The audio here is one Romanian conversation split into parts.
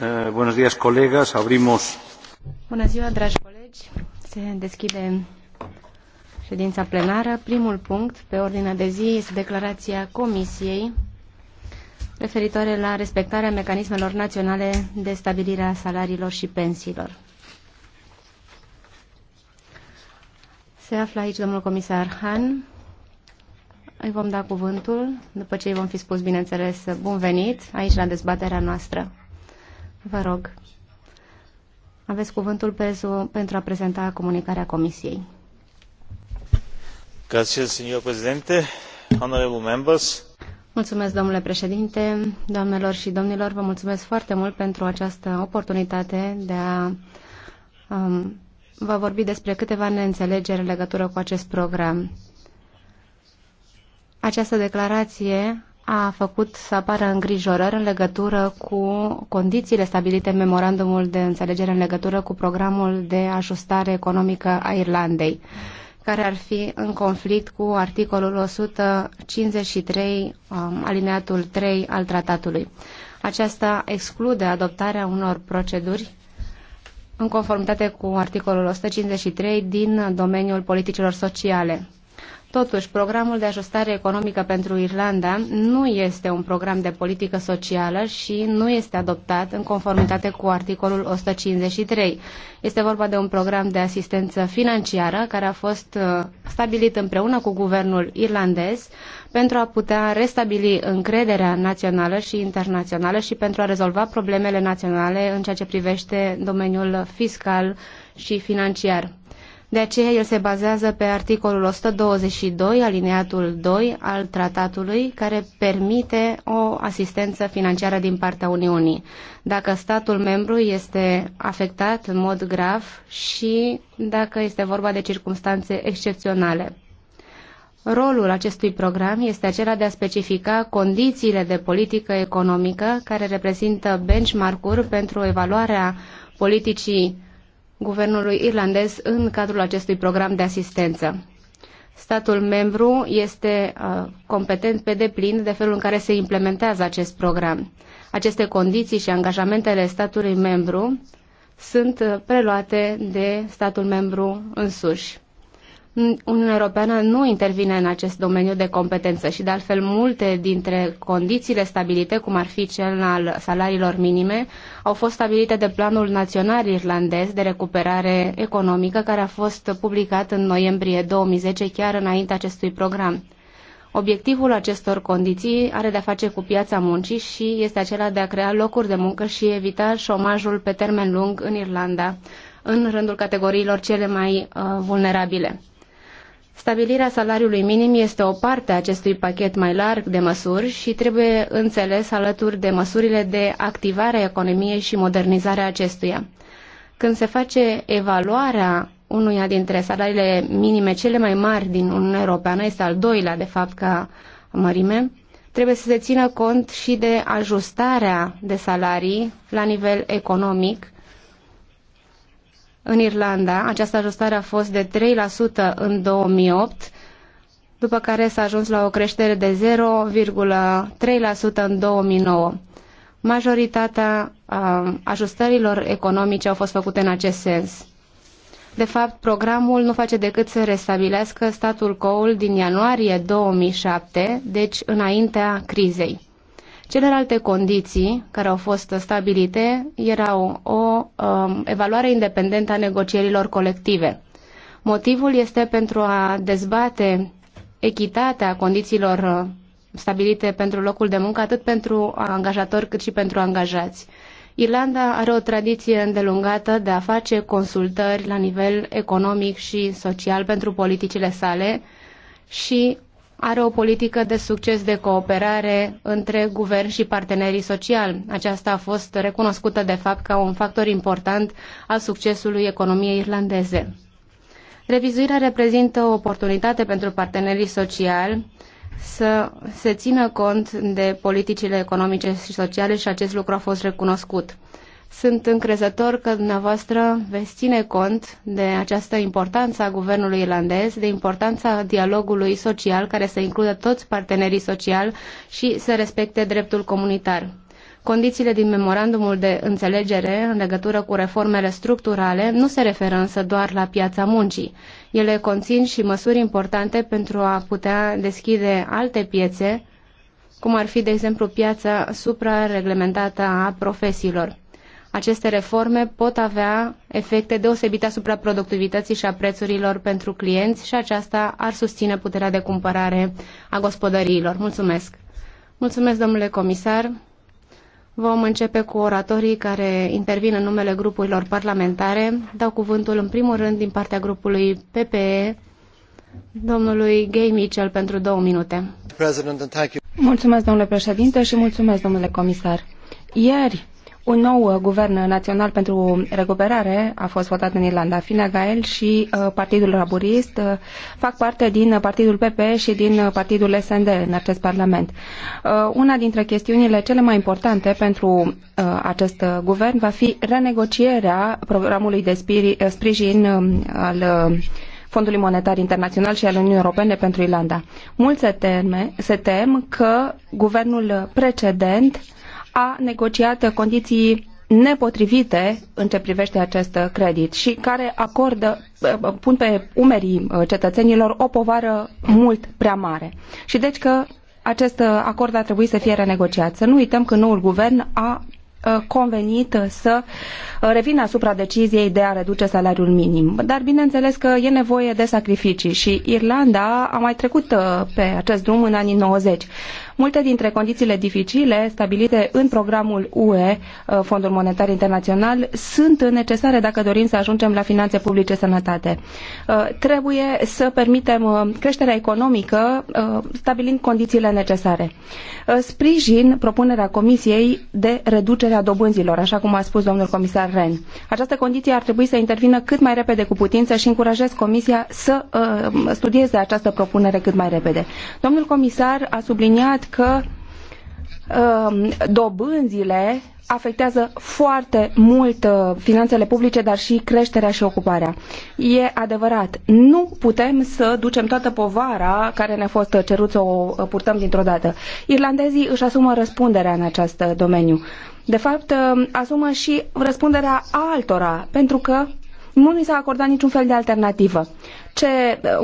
Eh, buenos días, colegas. Abrimos. Bună ziua, dragi colegi. Se deschide ședința plenară. Primul punct pe ordinea de zi este declarația Comisiei referitoare la respectarea mecanismelor naționale de stabilire a salariilor și pensiilor. Se află aici domnul comisar Han. Îi vom da cuvântul, după ce îi vom fi spus, bineînțeles, bun venit aici la dezbaterea noastră. Vă rog, aveți cuvântul pentru a prezenta comunicarea Comisiei. Gracias, señor presidente. Honorable members. Mulțumesc, domnule președinte, doamnelor și domnilor, vă mulțumesc foarte mult pentru această oportunitate de a um, vă vorbi despre câteva neînțelegeri în legătură cu acest program. Această declarație a făcut să apară îngrijorări în legătură cu condițiile stabilite în memorandumul de înțelegere în legătură cu programul de ajustare economică a Irlandei, care ar fi în conflict cu articolul 153, um, alineatul 3 al tratatului. Aceasta exclude adoptarea unor proceduri în conformitate cu articolul 153 din domeniul politicilor sociale. Totuși, programul de ajustare economică pentru Irlanda nu este un program de politică socială și nu este adoptat în conformitate cu articolul 153. Este vorba de un program de asistență financiară care a fost uh, stabilit împreună cu guvernul irlandez pentru a putea restabili încrederea națională și internațională și pentru a rezolva problemele naționale în ceea ce privește domeniul fiscal și financiar. De aceea el se bazează pe articolul 122, alineatul 2 al tratatului, care permite o asistență financiară din partea Uniunii. Dacă statul membru este afectat în mod grav și dacă este vorba de circunstanțe excepționale. Rolul acestui program este acela de a specifica condițiile de politică economică care reprezintă benchmark-uri pentru evaluarea politicii guvernului irlandez în cadrul acestui program de asistență. Statul membru este uh, competent pe deplin de felul în care se implementează acest program. Aceste condiții și angajamentele statului membru sunt uh, preluate de statul membru însuși. Uniunea Europeană nu intervine în acest domeniu de competență și, de altfel, multe dintre condițiile stabilite, cum ar fi cel al salariilor minime, au fost stabilite de Planul Național Irlandez de Recuperare Economică, care a fost publicat în noiembrie 2010, chiar înainte acestui program. Obiectivul acestor condiții are de-a face cu piața muncii și este acela de a crea locuri de muncă și evita șomajul pe termen lung în Irlanda, în rândul categoriilor cele mai uh, vulnerabile. Stabilirea salariului minim este o parte a acestui pachet mai larg de măsuri și trebuie înțeles alături de măsurile de activare a economiei și modernizarea acestuia. Când se face evaluarea unuia dintre salariile minime cele mai mari din Uniunea Europeană, este al doilea de fapt ca mărime, trebuie să se țină cont și de ajustarea de salarii la nivel economic în Irlanda. Această ajustare a fost de 3% în 2008, după care s-a ajuns la o creștere de 0,3% în 2009. Majoritatea ajustărilor economice au fost făcute în acest sens. De fapt, programul nu face decât să restabilească statul coul din ianuarie 2007, deci înaintea crizei. Celelalte condiții care au fost stabilite erau o um, evaluare independentă a negocierilor colective. Motivul este pentru a dezbate echitatea condițiilor uh, stabilite pentru locul de muncă, atât pentru angajatori cât și pentru angajați. Irlanda are o tradiție îndelungată de a face consultări la nivel economic și social pentru politicile sale și are o politică de succes de cooperare între guvern și partenerii sociali. Aceasta a fost recunoscută de fapt ca un factor important al succesului economiei irlandeze. Revizuirea reprezintă o oportunitate pentru partenerii sociali să se țină cont de politicile economice și sociale și acest lucru a fost recunoscut. Sunt încrezător că dumneavoastră veți ține cont de această importanță a guvernului irlandez, de importanța dialogului social care să includă toți partenerii sociali și să respecte dreptul comunitar. Condițiile din memorandumul de înțelegere în legătură cu reformele structurale nu se referă însă doar la piața muncii. Ele conțin și măsuri importante pentru a putea deschide alte piețe, cum ar fi, de exemplu, piața suprareglementată a profesiilor. Aceste reforme pot avea efecte deosebite asupra productivității și a prețurilor pentru clienți și aceasta ar susține puterea de cumpărare a gospodăriilor. Mulțumesc! Mulțumesc, domnule comisar! Vom începe cu oratorii care intervin în numele grupurilor parlamentare. Dau cuvântul în primul rând din partea grupului PPE, domnului Gay Mitchell, pentru două minute. Mulțumesc, domnule președinte, și mulțumesc, domnule comisar. Ieri, un nou uh, guvern național pentru recuperare a fost votat în Irlanda. Fine Gael și uh, Partidul Laburist uh, fac parte din Partidul PP și din Partidul SND în acest Parlament. Una dintre chestiunile cele mai importante pentru acest guvern va fi renegocierea programului de sprijin um, al Fondului Monetar Internațional și al Uniunii Europene pentru Irlanda. Mulți se, teme, se tem că guvernul precedent a negociat condiții nepotrivite în ce privește acest credit și care acordă, pun pe umerii uh, cetățenilor o povară mult prea mare. Și deci că acest uh, acord a trebuit să fie renegociat. Să nu uităm că noul guvern a uh, convenit să revină asupra deciziei de a reduce salariul minim. Dar bineînțeles că e nevoie de sacrificii și Irlanda a mai trecut pe acest drum în anii 90. Multe dintre condițiile dificile stabilite în programul UE, uh, Fondul Monetar Internațional, sunt necesare dacă dorim să ajungem la finanțe publice sănătate. Uh, trebuie să permitem uh, creșterea economică stabilind condițiile necesare. Sprijin propunerea Comisiei de reducerea dobânzilor, așa cum a spus domnul comisar Ren. Această condiție ar trebui să intervină cât mai repede cu putință și încurajez Comisia să studieze această propunere cât mai repede. Domnul comisar a subliniat că um, dobânzile afectează foarte mult uh, finanțele publice, dar și creșterea și ocuparea. E adevărat, nu putem să ducem toată povara care ne-a fost cerut să o uh, purtăm dintr-o dată. Irlandezii își asumă răspunderea în acest uh, domeniu. De fapt, um, asumă și răspunderea altora, pentru că nu ni s-a acordat niciun fel de alternativă. Ce,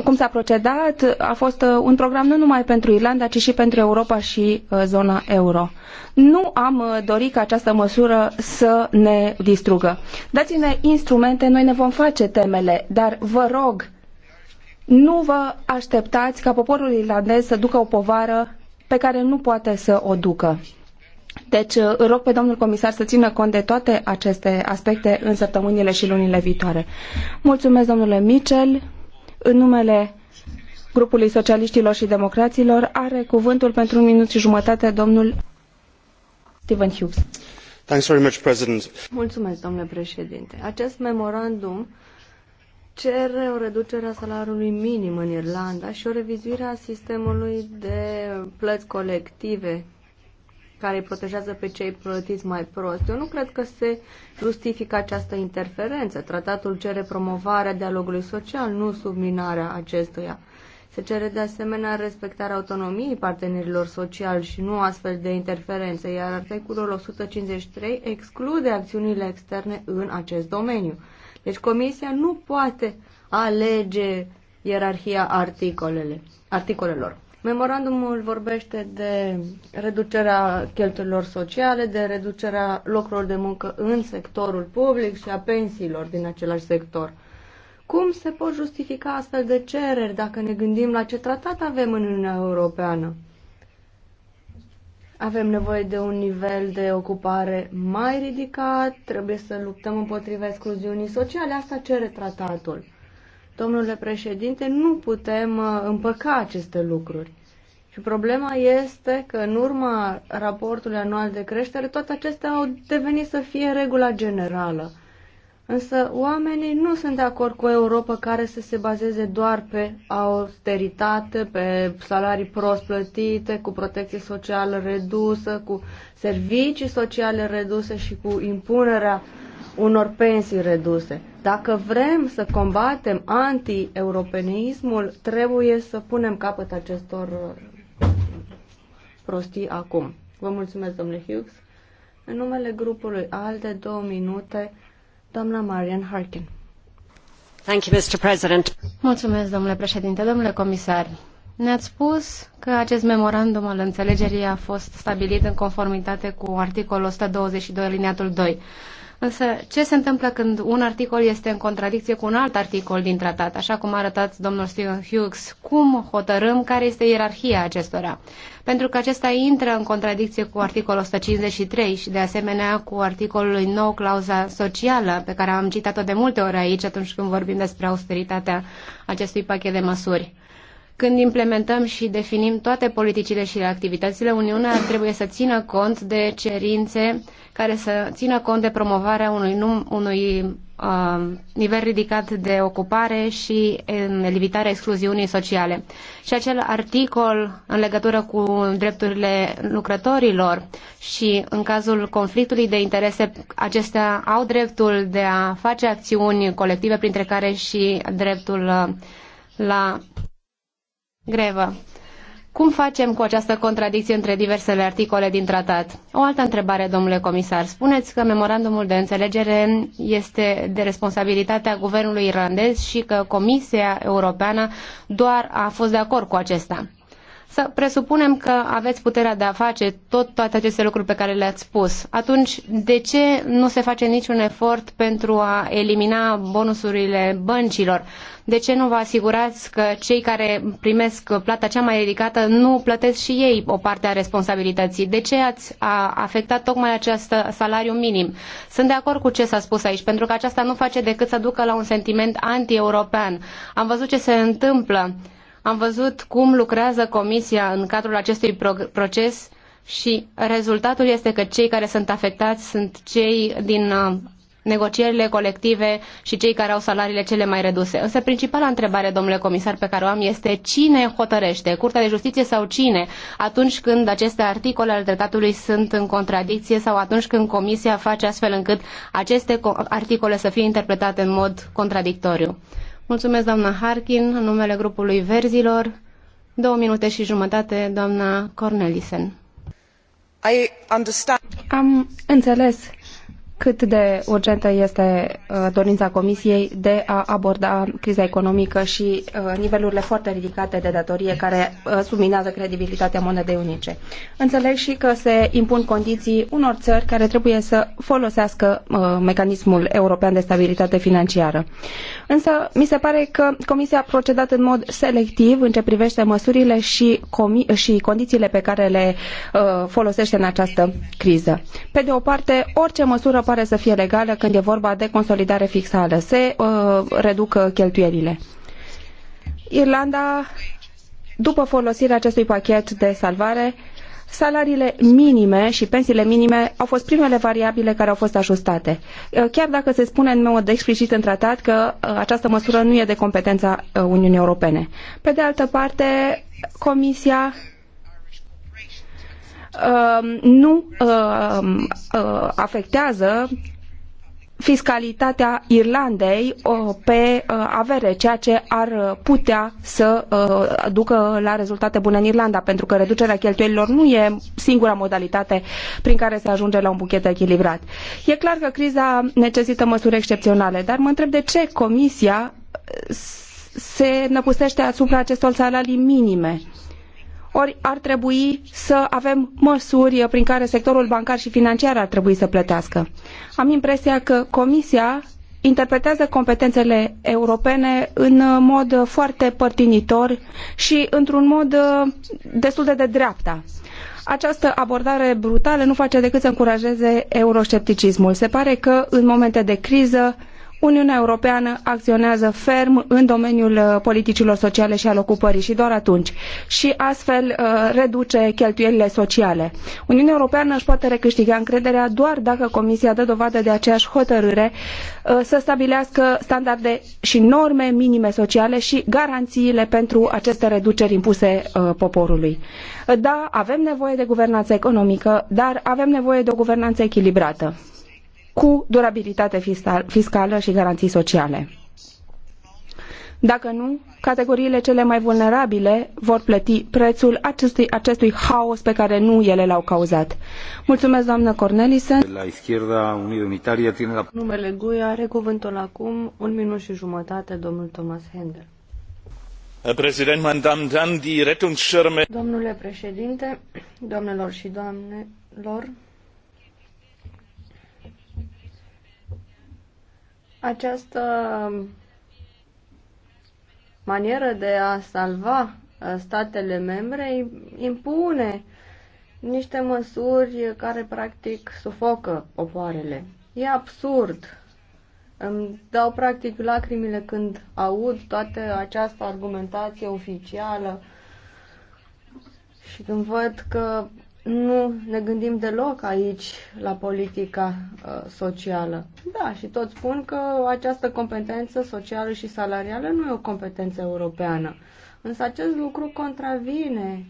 cum s-a procedat a fost uh, un program nu numai pentru Irlanda, ci și pentru Europa și uh, zona euro. Nu am uh, dorit ca această măsură să ne distrugă. Dați-ne instrumente, noi ne vom face temele, dar vă rog, nu vă așteptați ca poporul irlandez să ducă o povară pe care nu poate să o ducă. Deci uh, îl rog pe domnul comisar să țină cont de toate aceste aspecte în săptămânile și lunile viitoare. Mulțumesc, domnule Mitchell. În numele grupului socialiștilor și democraților are cuvântul pentru un minut și jumătate domnul Stephen Hughes. Thanks very much, President. Mulțumesc, domnule președinte. Acest memorandum cere o reducere a salariului minim în Irlanda și o revizuire a sistemului de plăți colective care îi protejează pe cei plătiți mai prost. Eu nu cred că se justifică această interferență. Tratatul cere promovarea dialogului social, nu subminarea acestuia. Se cere de asemenea respectarea autonomiei partenerilor sociali și nu astfel de interferențe, iar articolul 153 exclude acțiunile externe în acest domeniu. Deci Comisia nu poate alege ierarhia articolele, articolelor. Memorandumul vorbește de reducerea cheltuielor sociale, de reducerea locurilor de muncă în sectorul public și a pensiilor din același sector. Cum se pot justifica astfel de cereri dacă ne gândim la ce tratat avem în Uniunea Europeană? Avem nevoie de un nivel de ocupare mai ridicat, trebuie să luptăm împotriva excluziunii sociale, asta cere tratatul. Domnule președinte, nu putem uh, împăca aceste lucruri. Și problema este că în urma raportului anual de creștere, toate acestea au devenit să fie regula generală. Însă oamenii nu sunt de acord cu o Europa care să se bazeze doar pe austeritate, pe salarii prost plătite, cu protecție socială redusă, cu servicii sociale reduse și cu impunerea uh, unor pensii reduse. Dacă vrem să combatem anti-europenismul, trebuie să punem capăt acestor uh, prostii acum. Vă mulțumesc, domnule Hughes. În numele grupului ALDE, două minute, doamna Marian Harkin. Thank you, Mr. President. Mulțumesc, domnule președinte, domnule comisar. Ne-ați spus că acest memorandum al înțelegerii a fost stabilit în conformitate cu articolul 122, liniatul 2. Însă, ce se întâmplă când un articol este în contradicție cu un alt articol din tratat, așa cum a arătat domnul Stephen Hughes? Cum hotărâm care este ierarhia acestora? Pentru că acesta intră în contradicție cu articolul 153 și, de asemenea, cu articolul 9, clauza socială, pe care am citat-o de multe ori aici atunci când vorbim despre austeritatea acestui pachet de măsuri. Când implementăm și definim toate politicile și activitățile, Uniunea trebuie să țină cont de cerințe care să țină cont de promovarea unui, num, unui uh, nivel ridicat de ocupare și în evitarea excluziunii sociale. Și acel articol în legătură cu drepturile lucrătorilor și în cazul conflictului de interese, acestea au dreptul de a face acțiuni colective, printre care și dreptul uh, la grevă. Cum facem cu această contradicție între diversele articole din tratat? O altă întrebare, domnule comisar. Spuneți că memorandumul de înțelegere este de responsabilitatea guvernului irlandez și că Comisia Europeană doar a fost de acord cu acesta. Să presupunem că aveți puterea de a face tot toate aceste lucruri pe care le-ați spus. Atunci, de ce nu se face niciun efort pentru a elimina bonusurile băncilor? De ce nu vă asigurați că cei care primesc plata cea mai ridicată nu plătesc și ei o parte a responsabilității? De ce ați afectat tocmai acest salariu minim? Sunt de acord cu ce s-a spus aici, pentru că aceasta nu face decât să ducă la un sentiment anti-european. Am văzut ce se întâmplă am văzut cum lucrează Comisia în cadrul acestui proces și rezultatul este că cei care sunt afectați sunt cei din uh, negocierile colective și cei care au salariile cele mai reduse. Însă principala întrebare, domnule comisar, pe care o am este cine hotărăște, Curtea de Justiție sau cine, atunci când aceste articole ale tratatului sunt în contradicție sau atunci când Comisia face astfel încât aceste articole să fie interpretate în mod contradictoriu. Mulțumesc, doamna Harkin, în numele grupului Verzilor. Două minute și jumătate, doamna Cornelisen. Am înțeles cât de urgentă este uh, dorința Comisiei de a aborda criza economică și uh, nivelurile foarte ridicate de datorie care uh, subminează credibilitatea monedei unice. Înțeleg și că se impun condiții unor țări care trebuie să folosească mecanismul european de stabilitate financiară. Însă mi se pare că Comisia a procedat în mod selectiv în ce privește măsurile și, și condițiile pe care le folosește în această criză. Pe de o parte, orice măsură pare să fie legală când e vorba de consolidare fixală. Se uh, reduc cheltuielile. Irlanda, după folosirea acestui pachet de salvare, salariile minime și pensiile minime au fost primele variabile care au fost ajustate. Uh, chiar dacă se spune în mod explicit în tratat că uh, această măsură nu e de competența uh, Uniunii Europene. Pe de altă parte, Comisia Um, nu um, uh, afectează fiscalitatea Irlandei uh, pe uh, avere, ceea ce ar putea să ducă la rezultate bune în Irlanda, pentru că reducerea cheltuielilor nu e singura modalitate prin care se ajunge la un buchet echilibrat. E clar că criza necesită măsuri excepționale, dar mă întreb de ce Comisia se năpustește asupra acestor salarii minime ori ar trebui să avem măsuri prin care sectorul bancar și financiar ar trebui să plătească. Am impresia că Comisia interpretează competențele europene în mod foarte părtinitor și într-un mod uh, destul de de dreapta. Această abordare brutală nu face decât să încurajeze euroscepticismul. Se pare că în momente de criză Uniunea Europeană acționează ferm în domeniul uh, politicilor sociale și al ocupării și doar atunci. Și astfel uh, reduce cheltuielile sociale. Uniunea Europeană își poate recâștiga încrederea doar dacă Comisia dă dovadă de aceeași hotărâre uh, să stabilească standarde și norme minime sociale și garanțiile pentru aceste reduceri impuse poporului. Da, avem nevoie de guvernanță economică, dar avem nevoie de o guvernanță echilibrată cu durabilitate fiscală și garanții sociale. Dacă nu, categoriile cele mai vulnerabile vor plăti prețul acestui, acestui haos pe care nu ele l-au cauzat. Mulțumesc, doamnă Cornelisen. La izquierda unitaria, tine la... Numele GUI are cuvântul acum, un minut și jumătate, domnul Thomas Hendel. Domnule președinte, domnilor și doamnelor, Această manieră de a salva uh, statele membre impune niște măsuri care practic sufocă popoarele. E absurd. Îmi dau practic lacrimile când aud toată această argumentație oficială și când văd că nu ne gândim deloc aici la politica uh, socială. Da, și tot spun că această competență socială și salarială nu e o competență europeană. Însă acest lucru contravine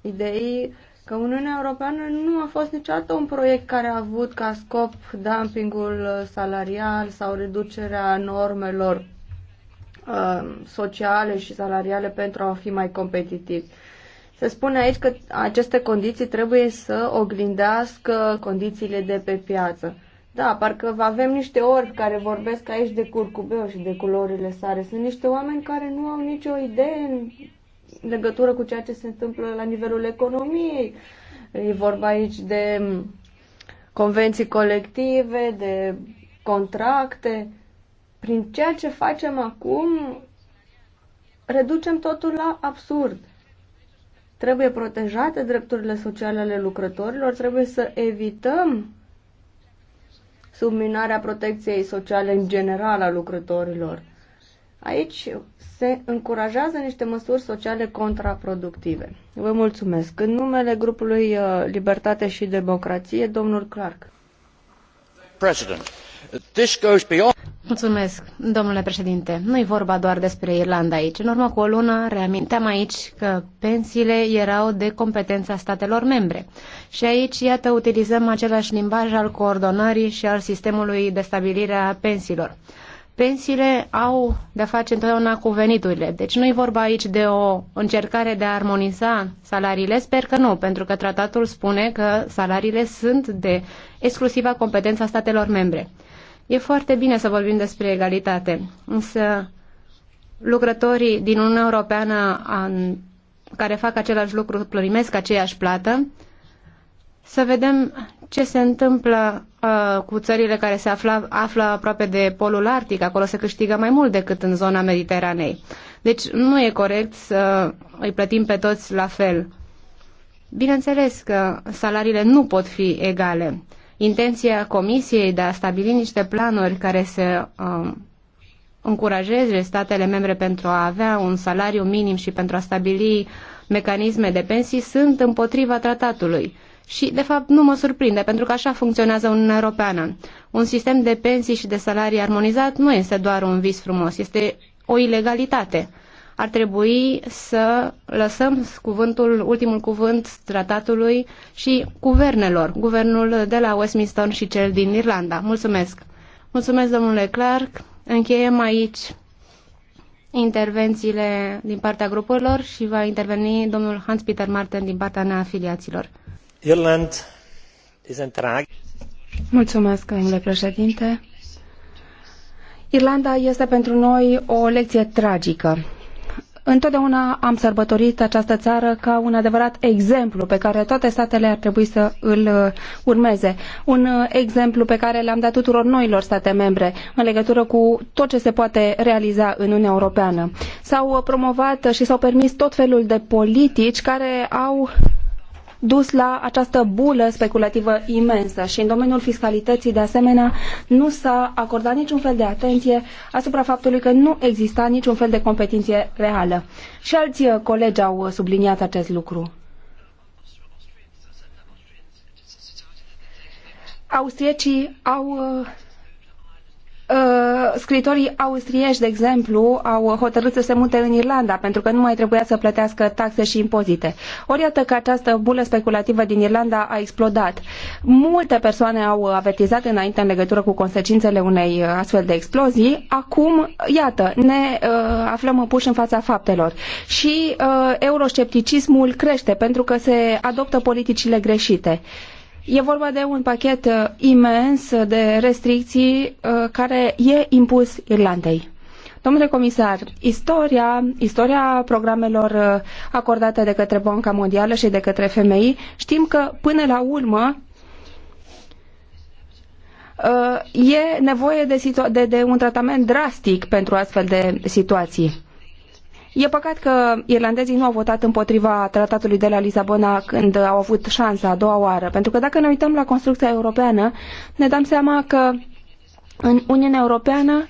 ideii că Uniunea Europeană nu a fost niciodată un proiect care a avut ca scop dumpingul salarial sau reducerea normelor uh, sociale și salariale pentru a fi mai competitivi. Se spune aici că aceste condiții trebuie să oglindească condițiile de pe piață. Da, parcă avem niște orbi care vorbesc aici de curcubeu și de culorile sare. Sunt niște oameni care nu au nicio idee în legătură cu ceea ce se întâmplă la nivelul economiei. E vorba aici de convenții colective, de contracte. Prin ceea ce facem acum, reducem totul la absurd. Trebuie protejate drepturile sociale ale lucrătorilor, trebuie să evităm subminarea protecției sociale în general a lucrătorilor. Aici se încurajează niște măsuri sociale contraproductive. Vă mulțumesc. În numele grupului uh, Libertate și Democrație, domnul Clark. President domnule președinte. Nu e vorba doar despre Irlanda aici. În urmă cu o lună reaminteam aici că pensiile erau de competența statelor membre. Și aici, iată, utilizăm același limbaj al coordonării și al sistemului de stabilire a pensiilor. Pensiile au de-a face întotdeauna cu veniturile. Deci nu e vorba aici de o încercare de a armoniza salariile. Sper că nu, pentru că tratatul spune că salariile sunt de exclusiva competența statelor membre. E foarte bine să vorbim despre egalitate, însă lucrătorii din Uniunea Europeană an, care fac același lucru plărimesc aceeași plată, să vedem ce se întâmplă uh, cu țările care se afla, află aproape de polul arctic. Acolo se câștigă mai mult decât în zona Mediteranei. Deci nu e corect să îi plătim pe toți la fel. Bineînțeles că salariile nu pot fi egale intenția Comisiei de a stabili niște planuri care să um, încurajeze statele membre pentru a avea un salariu minim și pentru a stabili mecanisme de pensii sunt împotriva tratatului. Și, de fapt, nu mă surprinde, pentru că așa funcționează Uniunea Europeană. Un sistem de pensii și de salarii armonizat nu este doar un vis frumos, este o ilegalitate ar trebui să lăsăm cuvântul, ultimul cuvânt tratatului și guvernelor, guvernul de la Westminster și cel din Irlanda. Mulțumesc! Mulțumesc, domnule Clark. Încheiem aici intervențiile din partea grupurilor și va interveni domnul Hans-Peter Martin din partea neafiliaților. Irland este Mulțumesc, domnule președinte. Irlanda este pentru noi o lecție tragică. Întotdeauna am sărbătorit această țară ca un adevărat exemplu pe care toate statele ar trebui să îl uh, urmeze. Un uh, exemplu pe care l-am dat tuturor noilor state membre în legătură cu tot ce se poate realiza în Uniunea Europeană. S-au uh, promovat și s-au permis tot felul de politici care au dus la această bulă speculativă imensă și în domeniul fiscalității, de asemenea, nu s-a acordat niciun fel de atenție asupra faptului că nu exista niciun fel de competiție reală. Și alți uh, colegi au uh, subliniat acest lucru. Austriecii au uh, uh, scritorii austrieși, de exemplu, au hotărât să se mute în Irlanda pentru că nu mai trebuia să plătească taxe și impozite. Ori iată că această bulă speculativă din Irlanda a explodat. Multe persoane au avertizat înainte în legătură cu consecințele unei astfel de explozii. Acum, iată, ne uh, aflăm puși în fața faptelor. Și uh, euroscepticismul crește pentru că se adoptă politicile greșite. Uh, E vorba de un pachet uh, imens de restricții uh, care e impus Irlandei. Domnule comisar, istoria, istoria programelor uh, acordate de către Banca Mondială și de către FMI, știm că până la urmă e nevoie de, de, de un tratament drastic pentru astfel de situații E păcat că irlandezii nu au votat împotriva tratatului de la Lisabona când au avut șansa a doua oară, pentru că dacă ne uităm la construcția europeană, ne dăm seama că în Uniunea Europeană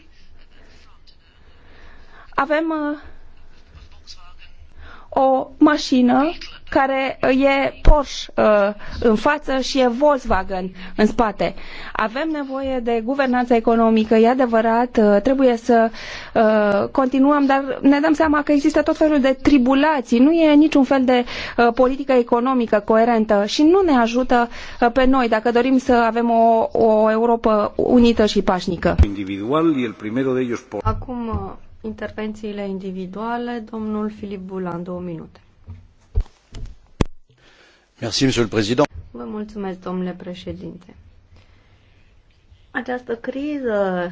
avem uh, o mașină care uh, e Porsche uh, în față și e Volkswagen în spate. Avem nevoie de guvernanță economică, e adevărat, uh, trebuie să continuăm, dar ne dăm seama că există tot felul de tribulații, nu e niciun fel de politică economică coerentă și nu ne ajută pe noi dacă dorim să avem o, o Europa unită și pașnică. Acum intervențiile individuale, domnul Filip Bulan, două minute mulțumesc, domnule președinte. Această criză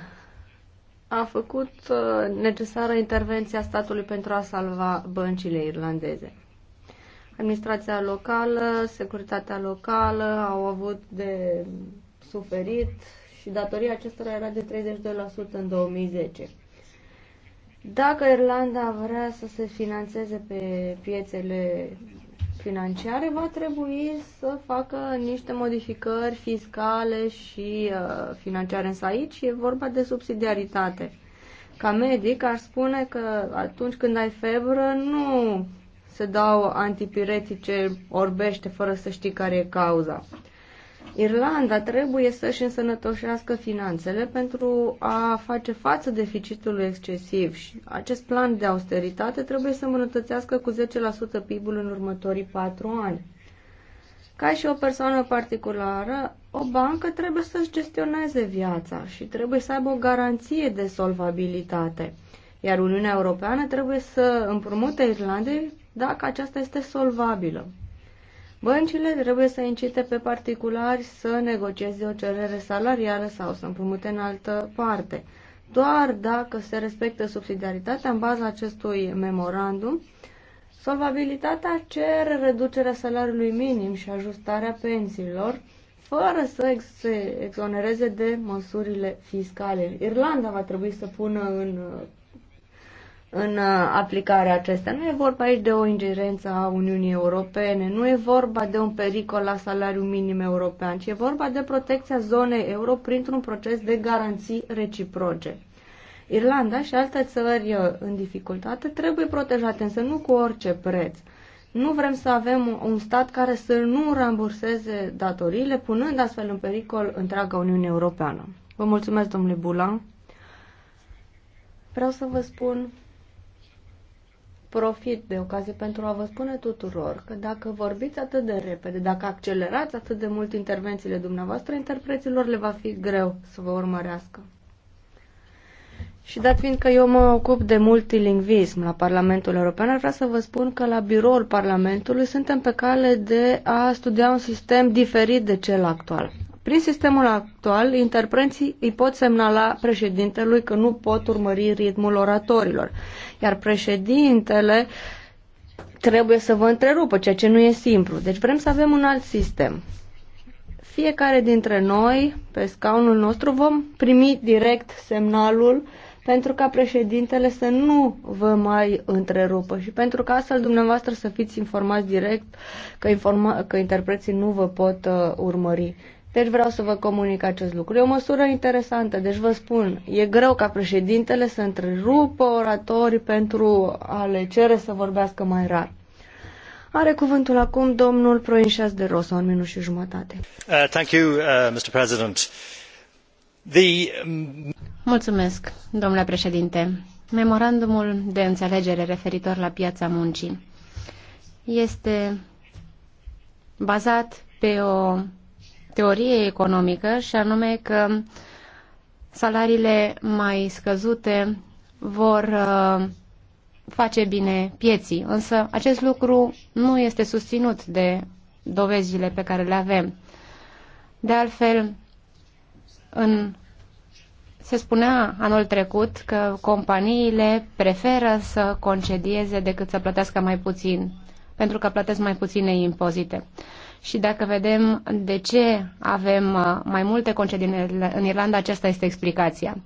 a făcut uh, necesară intervenția statului pentru a salva băncile irlandeze. Administrația locală, securitatea locală au avut de suferit și datoria acestora era de 32% în 2010. Dacă Irlanda vrea să se financeze pe piețele financiare, va trebui să facă niște modificări fiscale și uh, financiare. Însă aici e vorba de subsidiaritate. Ca medic aș spune că atunci când ai febră nu se dau antipiretice orbește fără să știi care e cauza. Irlanda trebuie să-și însănătoșească finanțele pentru a face față deficitului excesiv și acest plan de austeritate trebuie să îmbunătățească cu 10% PIB-ul în următorii 4 ani. Ca și o persoană particulară, o bancă trebuie să-și gestioneze viața și trebuie să aibă o garanție de solvabilitate. Iar Uniunea Europeană trebuie să împrumute Irlandei dacă aceasta este solvabilă. Băncile trebuie să incite pe particulari să negocieze o cerere salarială sau să împrumute în altă parte. Doar dacă se respectă subsidiaritatea în baza acestui memorandum, solvabilitatea cere reducerea salariului minim și ajustarea pensiilor, fără să se exonereze de măsurile fiscale. Irlanda va trebui să pună în în uh, aplicarea acestea. Nu e vorba aici de o ingerență a Uniunii Europene, nu e vorba de un pericol la salariul minim european, ci e vorba de protecția zonei euro printr-un proces de garanții reciproce. Irlanda și alte țări uh, în dificultate trebuie protejate, însă nu cu orice preț. Nu vrem să avem un stat care să nu ramburseze datoriile, punând astfel în pericol întreaga Uniune Europeană. Vă mulțumesc, domnule Bulan. Vreau să vă spun profit de ocazie pentru a vă spune tuturor că dacă vorbiți atât de repede, dacă accelerați atât de mult intervențiile dumneavoastră, interpreților le va fi greu să vă urmărească. Și dat fiind că eu mă ocup de multilingvism la Parlamentul European, ar vrea să vă spun că la biroul Parlamentului suntem pe cale de a studia un sistem diferit de cel actual. Prin sistemul actual, interpreții îi pot semnala președintelui că nu pot urmări ritmul oratorilor iar președintele trebuie să vă întrerupă, ceea ce nu e simplu. Deci vrem să avem un alt sistem. Fiecare dintre noi, pe scaunul nostru, vom primi direct semnalul pentru ca președintele să nu vă mai întrerupă și pentru ca astfel dumneavoastră să fiți informați direct că, informa- că interpreții nu vă pot uh, urmări. Deci vreau să vă comunic acest lucru. E o măsură interesantă, deci vă spun, e greu ca președintele să întrerupă oratorii pentru a le cere să vorbească mai rar. Are cuvântul acum domnul Proinșas de Rosa, un minut și jumătate. Uh, thank you, uh, Mr. President. The... Um, Mulțumesc, domnule președinte. Memorandumul de înțelegere referitor la piața muncii este bazat pe o teorie economică și anume că salariile mai scăzute vor uh, face bine pieții. Însă acest lucru nu este susținut de dovezile pe care le avem. De altfel, în, se spunea anul trecut că companiile preferă să concedieze decât să plătească mai puțin, pentru că plătesc mai puține impozite. Și dacă vedem de ce avem uh, mai multe concedii în Irlanda, aceasta este explicația.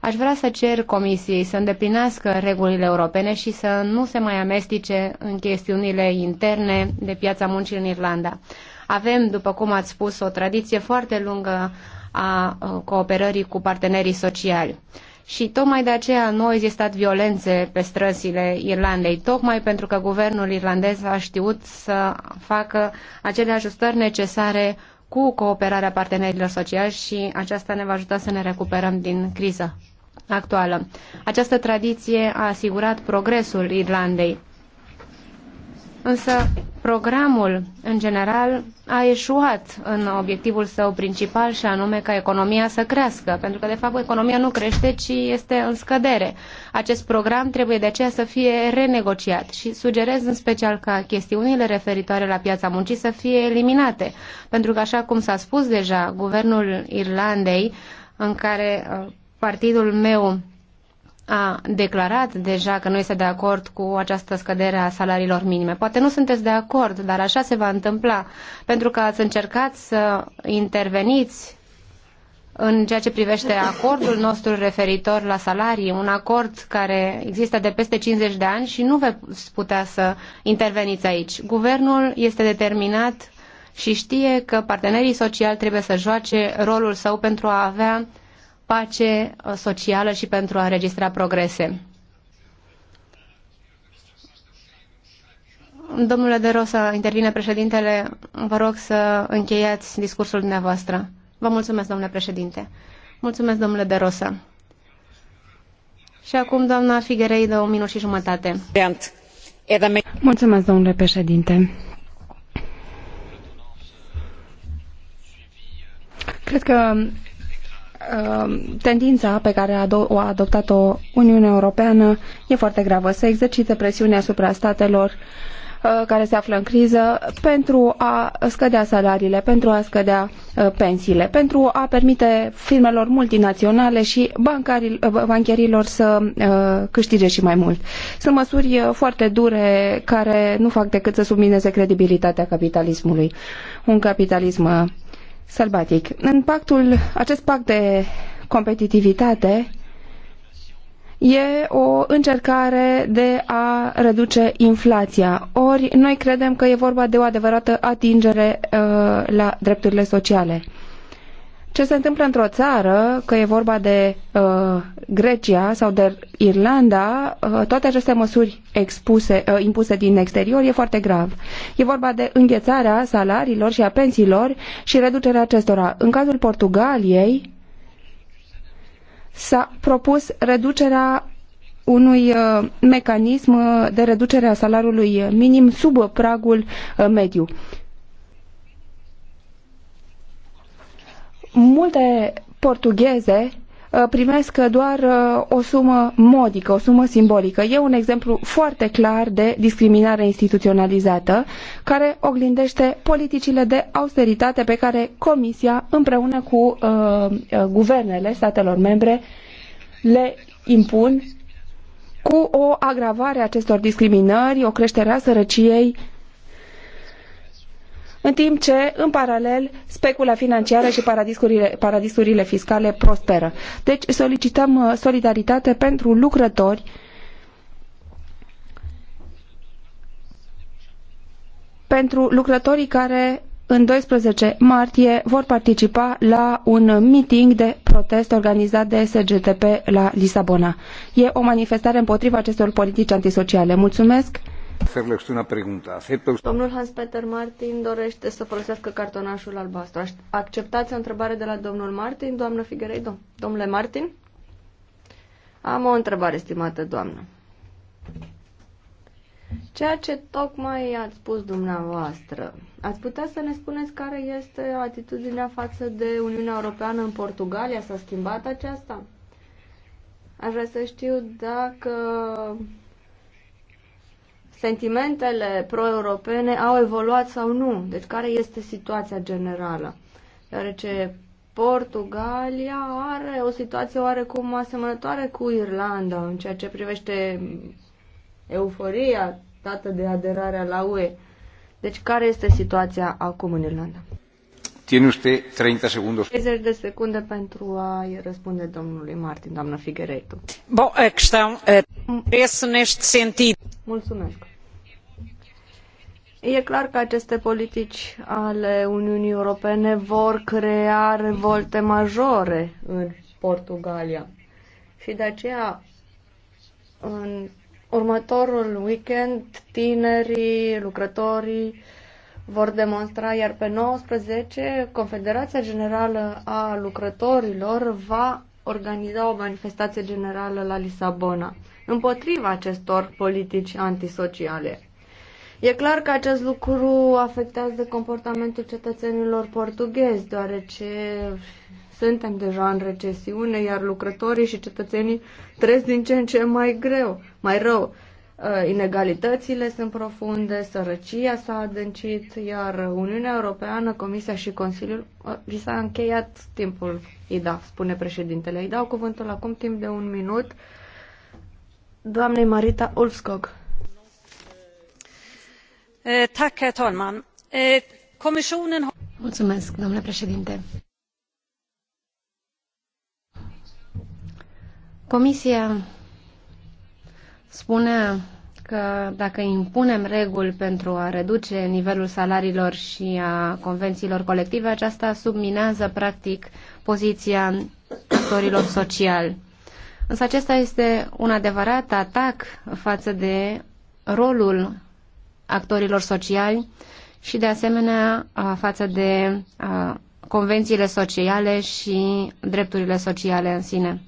Aș vrea să cer Comisiei să îndeplinească regulile europene și să nu se mai amestice în chestiunile interne de piața muncii în Irlanda. Avem, după cum ați spus, o tradiție foarte lungă a uh, cooperării cu partenerii sociali. Și tocmai de aceea nu au existat violențe pe străzile Irlandei, tocmai pentru că guvernul irlandez a știut să facă acele ajustări necesare cu cooperarea partenerilor sociali și aceasta ne va ajuta să ne recuperăm din criză actuală. Această tradiție a asigurat progresul Irlandei. Însă programul, în general, a eșuat în obiectivul său principal și anume ca economia să crească, pentru că, de fapt, economia nu crește, ci este în scădere. Acest program trebuie de aceea să fie renegociat și sugerez în special ca chestiunile referitoare la piața muncii să fie eliminate, pentru că, așa cum s-a spus deja, guvernul Irlandei, în care uh, partidul meu a declarat deja că nu este de acord cu această scădere a salariilor minime. Poate nu sunteți de acord, dar așa se va întâmpla, pentru că ați încercat să interveniți în ceea ce privește acordul nostru referitor la salarii, un acord care există de peste 50 de ani și nu veți putea să interveniți aici. Guvernul este determinat și știe că partenerii sociali trebuie să joace rolul său pentru a avea pace uh, socială și pentru a înregistra progrese. Domnule De Rosa, intervine președintele, vă rog să încheiați discursul dumneavoastră. Vă mulțumesc, domnule președinte. Mulțumesc, domnule De Rosa. Și acum, doamna Figherei, de o minut și jumătate. Mulțumesc, domnule președinte. Cred că Um, tendința pe care o a adoptat-o Uniunea Europeană e foarte gravă. Să exercite presiuni asupra statelor uh, care se află în criză pentru a scădea salariile, pentru a scădea uh, pensiile, pentru a permite firmelor multinaționale și uh, bancherilor să câștige și mai mult. Sunt măsuri foarte dure care nu fac decât să submineze credibilitatea capitalismului. Un capitalism sălbatic. În pactul, acest pact de competitivitate e o încercare de a reduce inflația. Ori noi credem că e vorba de o adevărată atingere uh, la drepturile sociale ce se întâmplă într-o țară, că e vorba de uh, Grecia sau de Irlanda, uh, toate aceste măsuri expuse, uh, impuse din exterior e foarte grav. E vorba de înghețarea salariilor și a pensiilor și reducerea acestora. În cazul Portugaliei s-a propus reducerea unui uh, mecanism de reducere a salariului minim sub pragul uh, mediu. multe portugheze uh, primesc doar uh, o sumă modică, o sumă simbolică. E un exemplu foarte clar de discriminare instituționalizată care oglindește politicile de austeritate pe care Comisia împreună cu uh, uh guvernele statelor membre le impun cu o agravare a acestor discriminări, o creștere a sărăciei, în timp ce, în paralel, specula financiară și paradisurile, paradisurile fiscale prosperă. Deci solicităm uh, solidaritate pentru lucrători pentru lucrătorii care în 12 martie vor participa la un meeting de protest organizat de SGTP la Lisabona. E o manifestare împotriva acestor politici antisociale. Mulțumesc! Domnul Hans-Peter Martin dorește să folosească cartonașul albastru. Acceptați o întrebare de la domnul Martin, doamnă Figueiredo? Domnule Martin? Am o întrebare, stimată doamnă. Ceea ce tocmai ați spus dumneavoastră, ați putea să ne spuneți care este atitudinea față de Uniunea Europeană în Portugalia? S-a schimbat aceasta? Aș vrea să știu dacă sentimentele pro-europene au evoluat sau nu. Deci care este situația generală? Deoarece Portugalia are o situație oarecum asemănătoare cu Irlanda în ceea ce privește euforia dată de aderarea la UE. Deci care este situația acum în Irlanda? Tiene usted 30 secunde. 30 de secunde pentru a răspunde domnului Martin, doamnă Figueiredo. Bom, a questão esse neste sentido. Mulțumesc. E clar că aceste politici ale Uniunii Europene vor crea revolte majore în Portugalia. Și de aceea, în următorul weekend, tinerii, lucrătorii, vor demonstra, iar pe 19 Confederația Generală a Lucrătorilor va organiza o manifestație generală la Lisabona împotriva acestor politici antisociale. E clar că acest lucru afectează comportamentul cetățenilor portughezi, deoarece suntem deja în recesiune, iar lucrătorii și cetățenii trăiesc din ce în ce mai greu, mai rău. Uh, inegalitățile sunt profunde, sărăcia s-a adâncit, iar Uniunea Europeană, Comisia și Consiliul li uh, s-a încheiat timpul IDA, spune președintele. Îi dau cuvântul acum timp de un minut doamnei Marita Ulfskog. Eh, tak, herr eh, Mulțumesc, domnule președinte. Comisia spune că dacă impunem reguli pentru a reduce nivelul salariilor și a convențiilor colective, aceasta subminează practic poziția actorilor sociali. Însă acesta este un adevărat atac față de rolul actorilor sociali și de asemenea față de convențiile sociale și drepturile sociale în sine.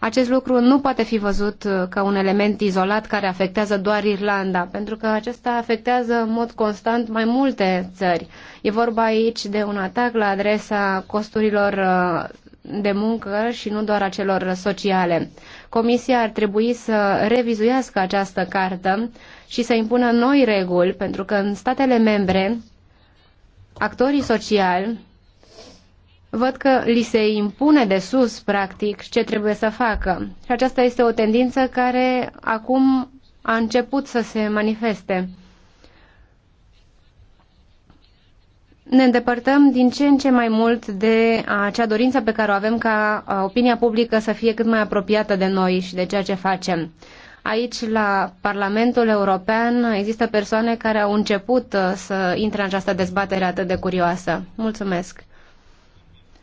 Acest lucru nu poate fi văzut uh, ca un element izolat care afectează doar Irlanda, pentru că acesta afectează în mod constant mai multe țări. E vorba aici de un atac la adresa costurilor uh, de muncă și nu doar a celor sociale. Comisia ar trebui să revizuiască această cartă și să impună noi reguli, pentru că în statele membre actorii sociali văd că li se impune de sus, practic, ce trebuie să facă. Și aceasta este o tendință care acum a început să se manifeste. ne îndepărtăm din ce în ce mai mult de acea dorință pe care o avem ca opinia publică să fie cât mai apropiată de noi și de ceea ce facem. Aici, la Parlamentul European, există persoane care au început să intre în această dezbatere atât de curioasă. Mulțumesc!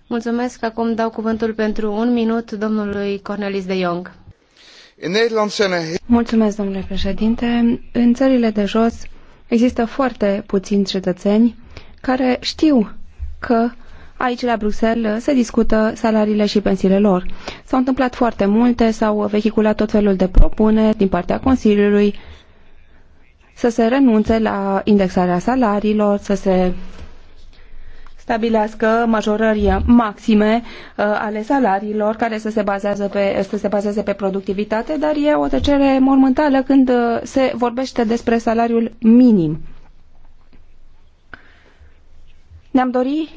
Mulțumesc. Acum dau cuvântul pentru un minut domnului Cornelis de Jong. Er Mulțumesc, domnule președinte. În țările de jos există foarte puțini cetățeni care știu că aici la Bruxelles se discută salariile și pensiile lor. S-au întâmplat foarte multe, s-au vehiculat tot felul de propuneri din partea Consiliului să se renunțe la indexarea salariilor, să se stabilească majorări maxime uh, ale salariilor care să se, bazează pe, să se bazeze pe productivitate, dar e o tăcere mormântală când uh, se vorbește despre salariul minim. Ne-am dorit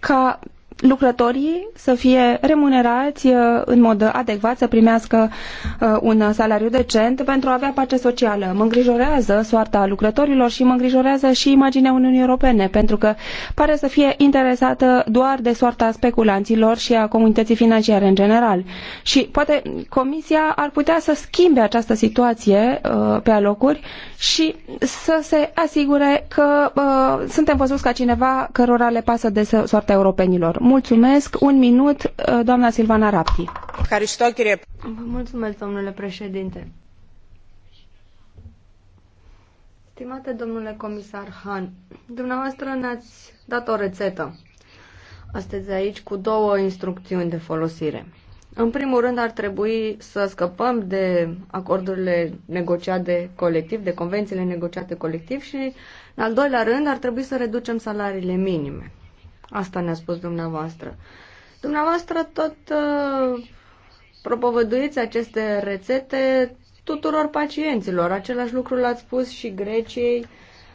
ca lucrătorii să fie remunerați uh, în mod adecvat, să primească uh, un salariu decent pentru a avea pace socială. Mă îngrijorează soarta lucrătorilor și mă îngrijorează și imaginea Uniunii Europene, pentru că pare să fie interesată doar de soarta speculanților și a comunității financiare în general. Și poate Comisia ar putea să schimbe această situație uh, pe alocuri și să se asigure că suntem văzuți ca cineva cărora le pasă de soarta europenilor. Mulțumesc. Un minut, uh, doamna Silvana Rapti. Vă mulțumesc, domnule președinte. Stimate domnule comisar Han, dumneavoastră ne-ați dat o rețetă. Astăzi aici cu două instrucțiuni de folosire. În primul rând ar trebui să scăpăm de acordurile negociate colectiv, de convențiile negociate colectiv și în al doilea rând ar trebui să reducem salariile minime. Asta ne-a spus dumneavoastră. Dumneavoastră tot uh, propovăduiți aceste rețete tuturor pacienților. Același lucru l-ați spus și Greciei.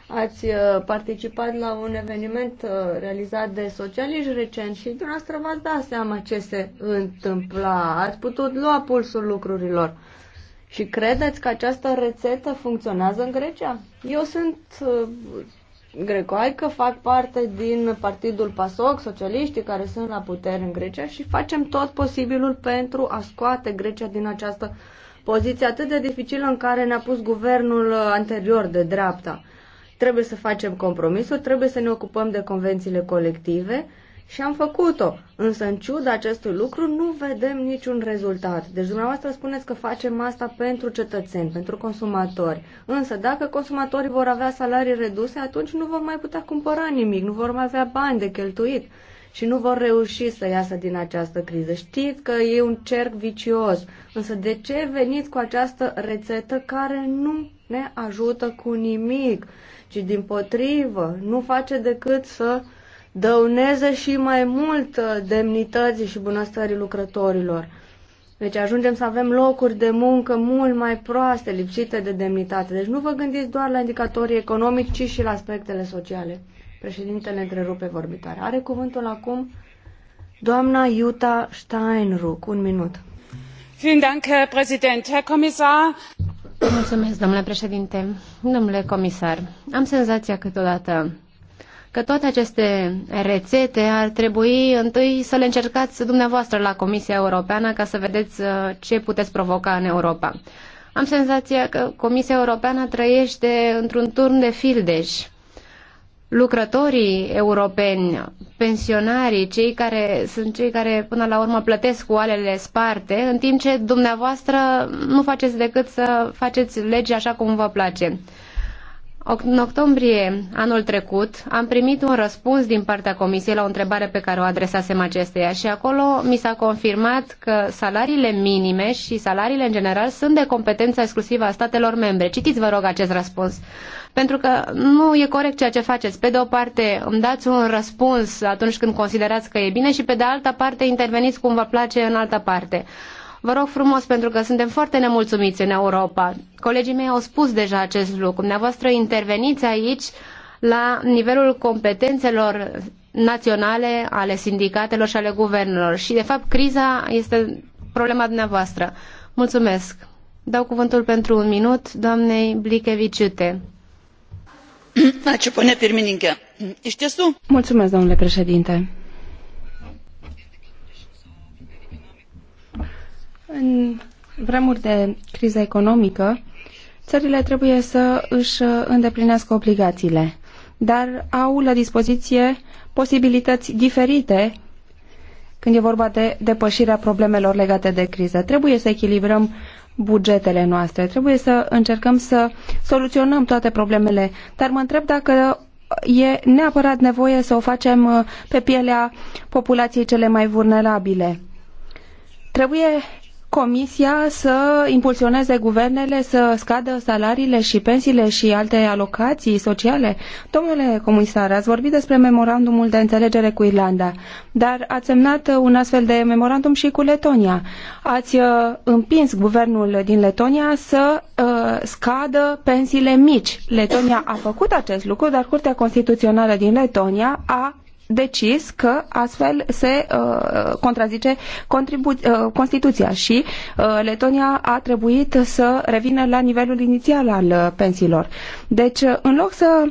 Ați uh, participat la un eveniment uh, realizat de socialiști recent și dumneavoastră v-ați dat seama ce se întâmpla. Ați putut lua pulsul lucrurilor. Și credeți că această rețetă funcționează în Grecia? Eu sunt grecoaică, fac parte din partidul PASOK, socialiștii care sunt la putere în Grecia și facem tot posibilul pentru a scoate Grecia din această poziție atât de dificilă în care ne-a pus guvernul anterior de dreapta. Trebuie să facem compromisuri, trebuie să ne ocupăm de convențiile colective, și am făcut-o, însă în ciuda acestui lucru nu vedem niciun rezultat. Deci dumneavoastră spuneți că facem asta pentru cetățeni, pentru consumatori. Însă dacă consumatorii vor avea salarii reduse, atunci nu vor mai putea cumpăra nimic, nu vor mai avea bani de cheltuit și nu vor reuși să iasă din această criză. Știți că e un cerc vicios, însă de ce veniți cu această rețetă care nu ne ajută cu nimic, ci din potrivă nu face decât să uh, dăuneze și mai mult uh, demnității și bunăstării lucrătorilor. Deci ajungem să avem locuri de muncă mult mai proaste, lipsite de demnitate. Deci nu vă gândiți doar la indicatorii economici, ci și la aspectele sociale. Președintele întrerupe vorbitarea. Are cuvântul acum doamna Iuta Steinruck. Un minut. Mulțumesc, domnule președinte. Domnule comisar, am senzația câteodată că toate aceste rețete ar trebui întâi să le încercați dumneavoastră la Comisia Europeană ca să vedeți uh, ce puteți provoca în Europa. Am senzația că Comisia Europeană trăiește într-un turn de fildeș. Lucrătorii europeni, pensionarii, cei care sunt cei care până la urmă plătesc cu alele sparte, în timp ce dumneavoastră nu faceți decât să faceți legi așa cum vă place. În octombrie anul trecut am primit un răspuns din partea Comisiei la o întrebare pe care o adresasem acesteia și acolo mi s-a confirmat că salariile minime și salariile în general sunt de competența exclusivă a statelor membre. Citiți, vă rog, acest răspuns. Pentru că nu e corect ceea ce faceți. Pe de o parte îmi dați un răspuns atunci când considerați că e bine și pe de alta parte interveniți cum vă place în altă parte. Vă rog frumos, pentru că suntem foarte nemulțumiți în Europa. Colegii mei au spus deja acest lucru. Dumneavoastră interveniți aici la nivelul competențelor naționale ale sindicatelor și ale guvernelor. Și, de fapt, criza este problema dumneavoastră. Mulțumesc. Dau cuvântul pentru un minut doamnei Blikeviciute. Mulțumesc, domnule președinte. În vremuri de criză economică, țările trebuie să își îndeplinească obligațiile, dar au la dispoziție posibilități diferite când e vorba de depășirea problemelor legate de criză. Trebuie să echilibrăm bugetele noastre, trebuie să încercăm să soluționăm toate problemele, dar mă întreb dacă e neapărat nevoie să o facem uh, pe pielea populației cele mai vulnerabile. Trebuie Comisia să impulsioneze guvernele să scadă salariile și pensiile și alte alocații sociale? Domnule comisar, ați vorbit despre memorandumul de înțelegere cu Irlanda, dar ați semnat un astfel de memorandum și cu Letonia. Ați uh, împins guvernul din Letonia să uh, scadă pensiile mici. Letonia a făcut acest lucru, dar Curtea Constituțională din Letonia a decis că astfel se uh, contrazice uh, Constituția și uh, Letonia a trebuit să revină la nivelul inițial al uh, pensiilor. Deci, uh, în loc să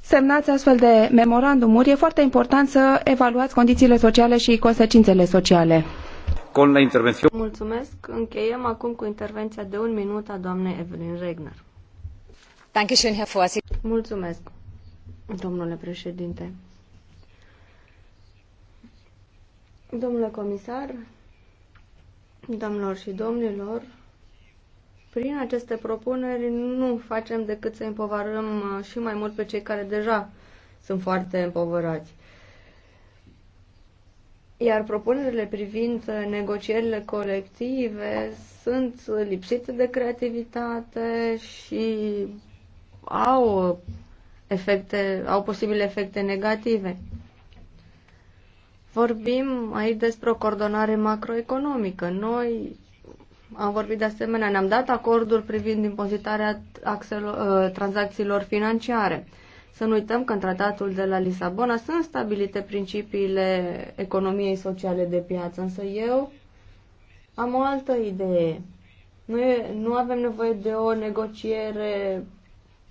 semnați astfel de memorandumuri, e foarte important să evaluați condițiile sociale și consecințele sociale. Con la intervenție. Mulțumesc. Încheiem acum cu intervenția de un minut a doamnei Evelyn Regner. Herr Mulțumesc, domnule președinte. Domnule comisar, domnilor și domnilor, prin aceste propuneri nu facem decât să împovărăm uh, și mai mult pe cei care deja sunt foarte împovărați. Iar propunerile privind uh, negocierile colective sunt lipsite de creativitate și au uh, efecte, au posibile efecte negative. Vorbim aici despre o coordonare macroeconomică. Noi am vorbit de asemenea, ne-am dat acordul privind impozitarea axelor, ă, tranzacțiilor financiare. Să nu uităm că în tratatul de la Lisabona sunt stabilite principiile economiei sociale de piață, însă eu am o altă idee. Nu, nu avem nevoie de o negociere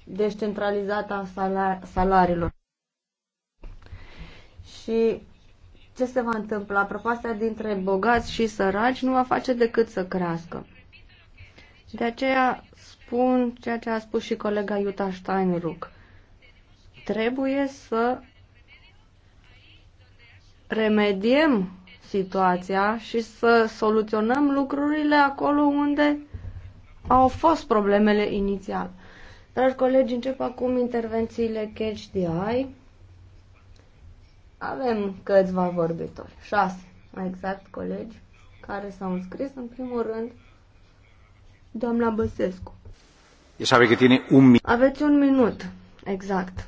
descentralizată a salariilor. Și ce se va întâmpla? Propastea dintre bogați și săraci nu va face decât să crească. De aceea spun ceea ce a spus și colega Iuta Steinruck. Trebuie să remediem situația și să soluționăm lucrurile acolo unde au fost problemele inițial. Dragi colegi, încep acum intervențiile Catch the Eye. Avem câțiva vorbitori, șase, mai exact, colegi, care s-au înscris, în primul rând, doamna Băsescu. Aveți un minut, exact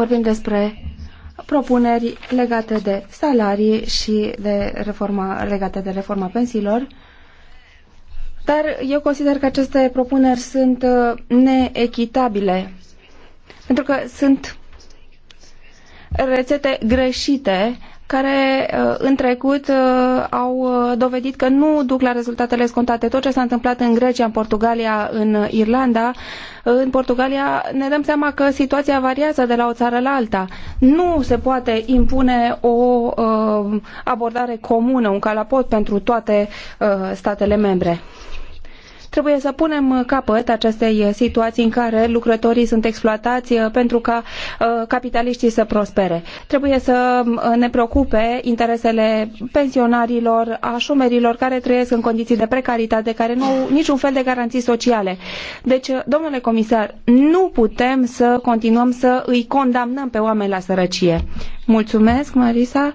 Vorbim despre propuneri legate de salarii și de reforma, legate de reforma pensiilor. Dar eu consider că aceste propuneri sunt uh, neechitabile, pentru că sunt rețete greșite care uh, în trecut uh, au uh, dovedit că nu duc la rezultatele scontate. Tot ce s-a întâmplat în Grecia, în Portugalia, în Irlanda, în Portugalia ne dăm seama că situația variază de la o țară la alta. Nu se poate impune o abordare comună, un calapot pentru toate statele membre. Trebuie să punem capăt acestei situații în care lucrătorii sunt exploatați uh, pentru ca uh, capitaliștii să prospere. Trebuie să uh, ne preocupe interesele pensionarilor, a șomerilor care trăiesc în condiții de precaritate, care nu au niciun fel de garanții sociale. Deci, domnule comisar, nu putem să continuăm să îi condamnăm pe oameni la sărăcie. Mulțumesc, Marisa.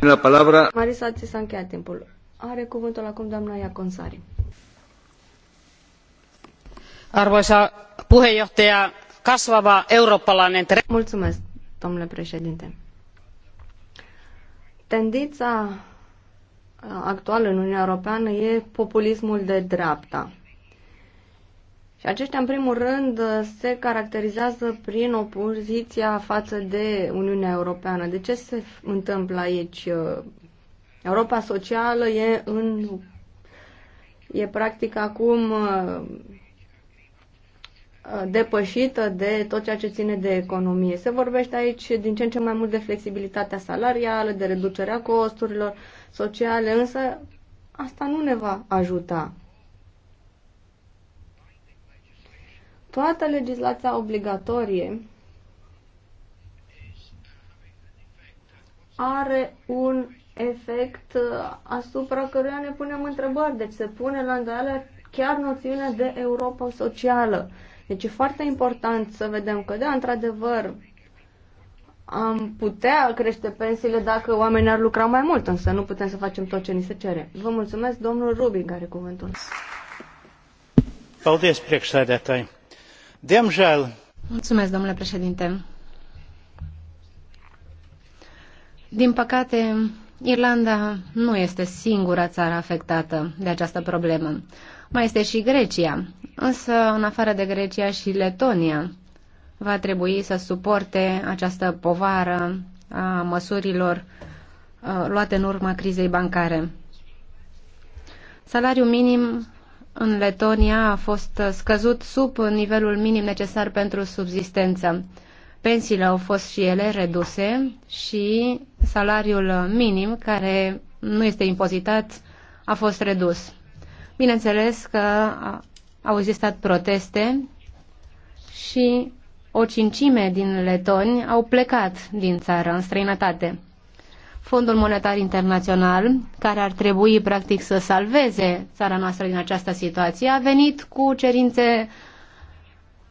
La palabra... Marisa, ți s-a încheiat timpul. Are cuvântul acum doamna Iaconsari arvoisa puhemies kasvava eurooppalainen Mulțumesc, domnule președinte. Tendința uh, actuală în Uniunea Europeană e populismul de dreapta. Și aceștia, în primul rând, uh, se caracterizează prin opoziția față de Uniunea Europeană. De ce se întâmplă aici? Uh, Europa socială e în e practic acum Uh, depășită de tot ceea ce ține de economie. Se vorbește aici din ce în ce mai mult de flexibilitatea salarială, de reducerea costurilor sociale, însă asta nu ne va ajuta. Toată legislația obligatorie are un efect uh, asupra căruia ne punem întrebări. Deci se pune la îndoială chiar noțiunea de Europa socială. Deci e foarte important să vedem că, da, într-adevăr, am putea crește pensiile dacă oamenii ar lucra mai mult, însă nu putem să facem tot ce ni se cere. Vă mulțumesc, domnul Rubin, care cuvântul. Mulțumesc, domnule președinte. Din păcate, Irlanda nu este singura țară afectată de această problemă. Mai este și Grecia, Însă, în afară de Grecia și Letonia, va trebui să suporte această povară a măsurilor luate în urma crizei bancare. Salariul minim în Letonia a fost scăzut sub nivelul minim necesar pentru subzistență. Pensiile au fost și ele reduse și salariul minim, care nu este impozitat, a fost redus. Bineînțeles că au existat proteste și o cincime din letoni au plecat din țară în străinătate. Fondul Monetar Internațional, care ar trebui practic să salveze țara noastră din această situație, a venit cu cerințe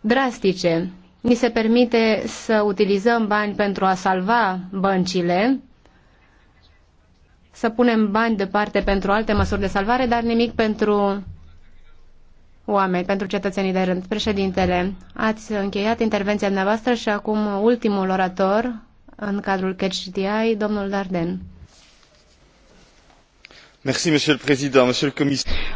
drastice. Ni se permite să utilizăm bani pentru a salva băncile, să punem bani departe pentru alte măsuri de salvare, dar nimic pentru oameni, pentru cetățenii de rând. Președintele, ați încheiat intervenția dumneavoastră și acum ultimul orator în cadrul CHDI, domnul Darden.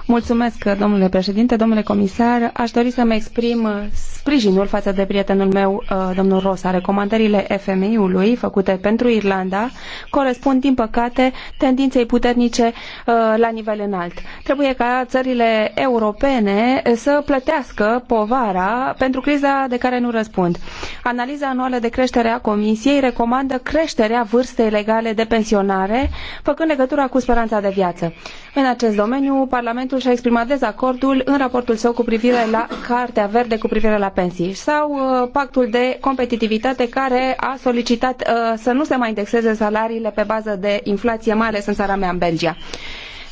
Mulțumesc, domnule președinte, domnule comisar. Aș dori să-mi exprim uh, sprijinul față de prietenul meu, uh, domnul Rosa. Recomandările FMI-ului făcute pentru Irlanda corespund, din păcate, tendinței puternice uh, la nivel înalt. Trebuie ca țările europene să plătească povara pentru criza de care nu răspund. Analiza anuală de creștere a Comisiei recomandă creșterea vârstei legale de pensionare, făcând legătura cu speranța de viață piață. În acest domeniu, Parlamentul și-a exprimat dezacordul în raportul său cu privire la Cartea Verde cu privire la pensii sau uh, Pactul de Competitivitate care a solicitat uh, să nu se mai indexeze salariile pe bază de inflație, mai ales în țara mea, în Belgia.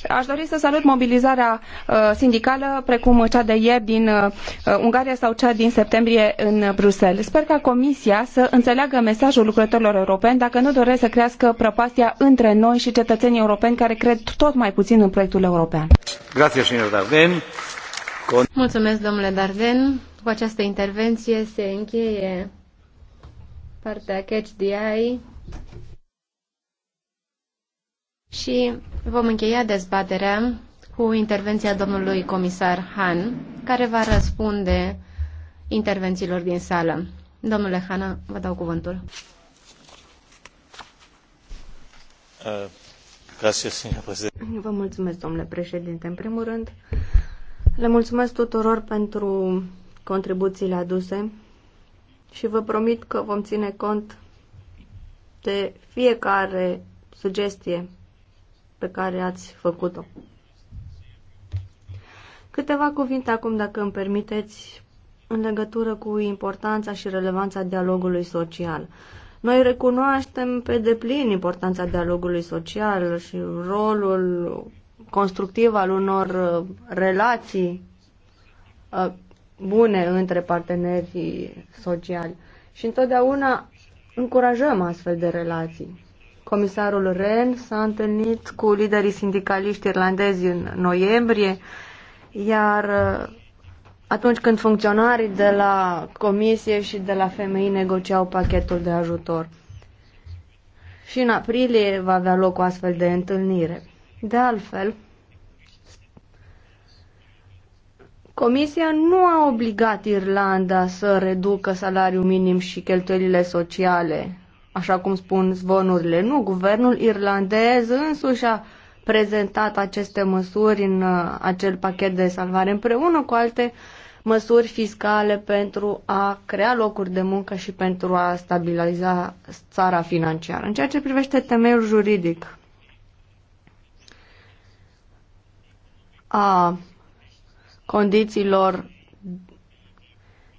Aș dori să salut mobilizarea uh, sindicală, precum cea de ieri din uh, uh, Ungaria sau cea din septembrie în Bruxelles. Sper ca Comisia să înțeleagă mesajul lucrătorilor europeni dacă nu doresc să crească prăpastia între noi și cetățenii europeni care cred tot mai puțin în proiectul european. Grazie, Mulțumesc, domnule Darden. Cu această intervenție se încheie partea Catch the Eye. Și vom încheia dezbaterea cu intervenția domnului comisar Han, care va răspunde intervențiilor din sală. Domnule Han, vă dau cuvântul. Uh, vă mulțumesc, domnule președinte. În primul rând, le mulțumesc tuturor pentru contribuțiile aduse și vă promit că vom ține cont de fiecare sugestie pe care ați făcut-o. Câteva cuvinte acum, dacă îmi permiteți, în legătură cu importanța și relevanța dialogului social. Noi recunoaștem pe deplin importanța dialogului social și rolul constructiv al unor uh, relații uh, bune între partenerii sociali. Și întotdeauna încurajăm astfel de relații. Comisarul Ren s-a întâlnit cu liderii sindicaliști irlandezi în noiembrie, iar uh, atunci când funcționarii de la Comisie și de la FMI negociau pachetul de ajutor. Și în aprilie va avea loc o astfel de întâlnire. De altfel, Comisia nu a obligat Irlanda să reducă salariul minim și cheltuielile sociale așa cum spun zvonurile. Nu, guvernul irlandez însuși a prezentat aceste măsuri în uh, acel pachet de salvare împreună cu alte măsuri fiscale pentru a crea locuri de muncă și pentru a stabiliza țara financiară. În ceea ce privește temeiul juridic a condițiilor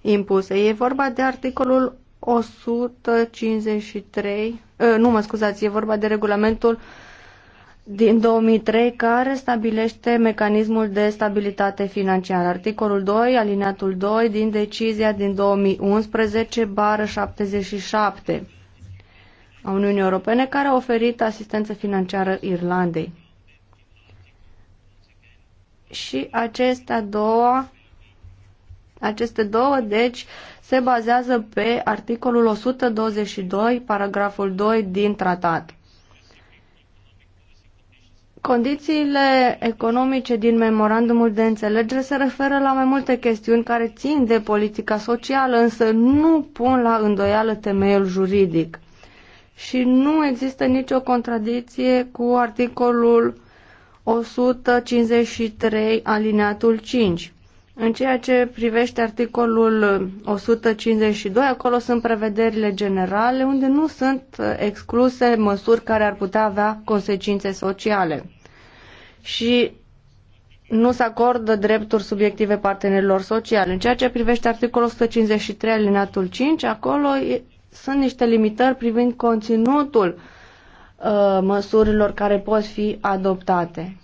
impuse, e vorba de articolul 153, ă, nu mă scuzați, e vorba de regulamentul din 2003 care stabilește mecanismul de stabilitate financiară. Articolul 2, alineatul 2 din decizia din 2011 bară 77 a Uniunii Europene care a oferit asistență financiară Irlandei. Și acestea două, aceste două, deci, uh, se bazează pe articolul 122, paragraful 2 din tratat. Condițiile economice din memorandumul de înțelegere se referă la mai multe chestiuni care țin de politica socială, însă nu pun la îndoială temeiul juridic. Și nu există nicio contradicție cu articolul 153 alineatul 5. În ceea ce privește articolul 152, acolo sunt prevederile generale unde nu sunt uh, excluse măsuri care ar putea avea consecințe sociale. Și nu se acordă drepturi subiective partenerilor sociale. În ceea ce privește articolul 153 alineatul 5, acolo sunt niște limitări privind conținutul uh, măsurilor care pot fi adoptate.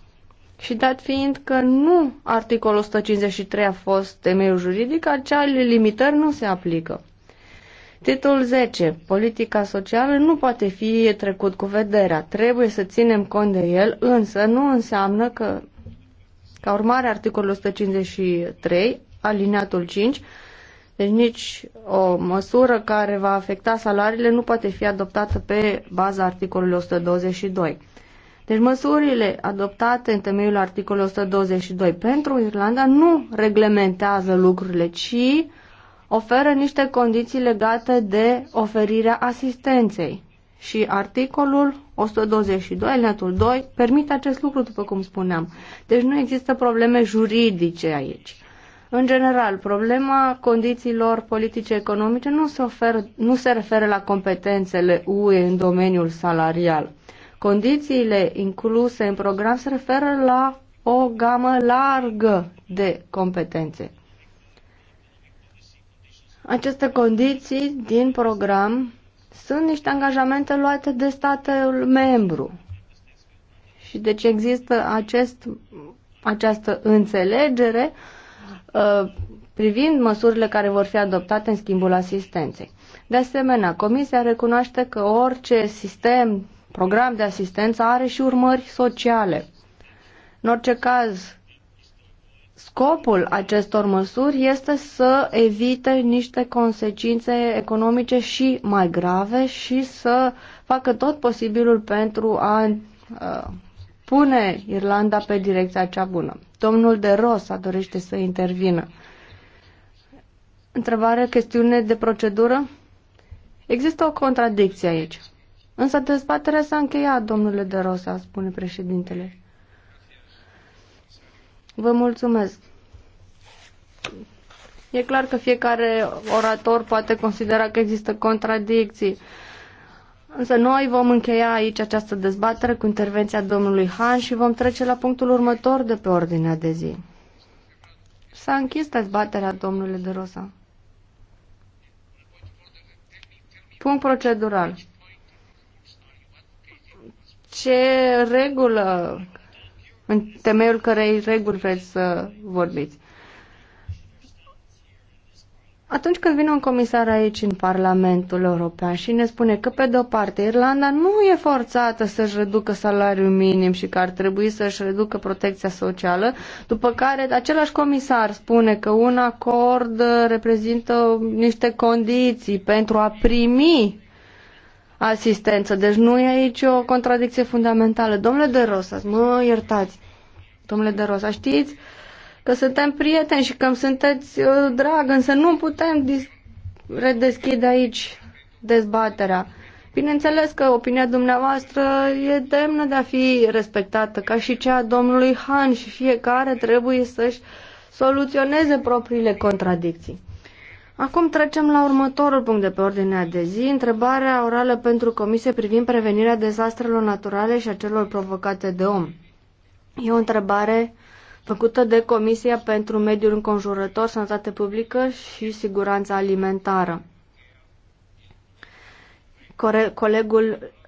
Și dat fiind că nu articolul 153 a fost temeiul juridic, acele limitări nu se aplică. Titlul 10. Politica socială nu poate fi trecut cu vederea. Trebuie să ținem cont de el, însă nu înseamnă că, ca urmare articolul 153, alineatul 5, deci nici o măsură care va afecta salariile nu poate fi adoptată pe baza articolului 122. Deci măsurile adoptate în temeiul articolului 122 pentru Irlanda nu reglementează lucrurile, ci oferă niște condiții legate de oferirea asistenței. Și articolul 122, alineatul 2, permite acest lucru, după cum spuneam. Deci nu există probleme juridice aici. În general, problema condițiilor politice economice nu se, oferă, nu se referă la competențele UE în domeniul salarial. Condițiile incluse în program se referă la o gamă largă de competențe. Aceste condiții din program sunt niște angajamente luate de statul membru. Și deci există acest, această înțelegere uh, privind măsurile care vor fi adoptate în schimbul asistenței. De asemenea, Comisia recunoaște că orice sistem program de asistență are și urmări sociale. În orice caz, scopul acestor măsuri este să evite niște consecințe economice și mai grave și să facă tot posibilul pentru a uh, pune Irlanda pe direcția cea bună. Domnul de Rosa dorește să intervină. Întrebare, chestiune de procedură? Există o contradicție aici. Însă dezbaterea s-a încheiat, domnule de Rosa, spune președintele. Vă mulțumesc. E clar că fiecare orator poate considera că există contradicții. Însă noi vom încheia aici această dezbatere cu intervenția domnului Han și vom trece la punctul următor de pe ordinea de zi. S-a închis dezbaterea, domnule de Rosa. Punct procedural ce regulă, în temeiul cărei reguli vreți să vorbiți. Atunci când vine un comisar aici în Parlamentul European și ne spune că, pe de-o parte, Irlanda nu e forțată să-și reducă salariul minim și că ar trebui să-și reducă protecția socială, după care același comisar spune că un acord reprezintă niște condiții pentru a primi asistență. Deci nu e aici o contradicție fundamentală. Domnule de Rosas, mă iertați. Domnule de Rosas, știți că suntem prieteni și că îmi sunteți uh, drag, însă nu putem redeschide aici dezbaterea. Bineînțeles că opinia dumneavoastră e demnă de a fi respectată, ca și cea a domnului Han și fiecare trebuie să-și soluționeze propriile contradicții. Acum trecem la următorul punct de pe ordinea de zi, întrebarea orală pentru comisie privind prevenirea dezastrelor naturale și a celor provocate de om. E o întrebare făcută de Comisia pentru Mediul Înconjurător, Sănătate Publică și Siguranța Alimentară. Colegul